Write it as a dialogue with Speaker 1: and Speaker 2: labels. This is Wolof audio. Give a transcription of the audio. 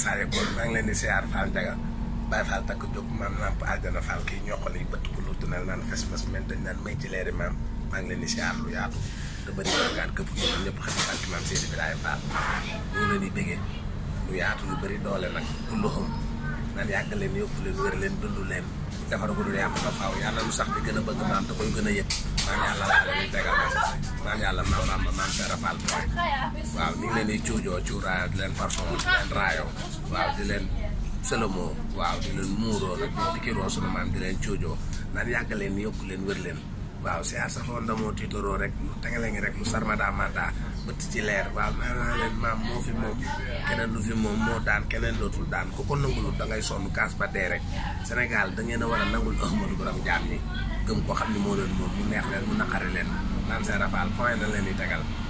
Speaker 1: wasaare kon maa ngi leen di siyaar Fall Ndiaga Baye Fall takk jóg maam lamp àjjana Fall kii ñoqal yi bëtt ku lu dina naan fes fes men dañ naan may ci maam maa ngi leen di siyaar lu yaatu da bëri maangaan këpp gi ñëpp xam ne barki maam Seydi leen di bégee lu yaatu lu bëri naan yàgg leen yóbbu leen wér leen dund leen defar ko dul yàq yàlla lu sax bi gën a bëgg maam da koy gën a yëg maam yàlla laa leen tegal ma naan yàlla maam maam maam Seera Fall waaw ñu ngi leen di cuujoo cuuraayoo di leen parfum di leen raayoo waaw di leen sëlëmoo waaw di leen muuroo nag di pikiroo sunu maam di leen cuujoo naan yàgg leen yokk leen wër leen waaw si sa sax war na moo tiitoroo rek mu tàngale ngi rek mu sarmada manda bëtt ci leer waaw nee naa leen maam moo fi moom keneen lu fi moom moo daan keneen dootul daan ko ko nangulul da ngay sonn kaas ba dee rek Sénégal da ngeen a
Speaker 2: war a nangul Ahmadou Borom Jaam yi gëm ko xam ne moo leen moom mu neex leen mu naqari leen naan seen rafaal point na leen di tegal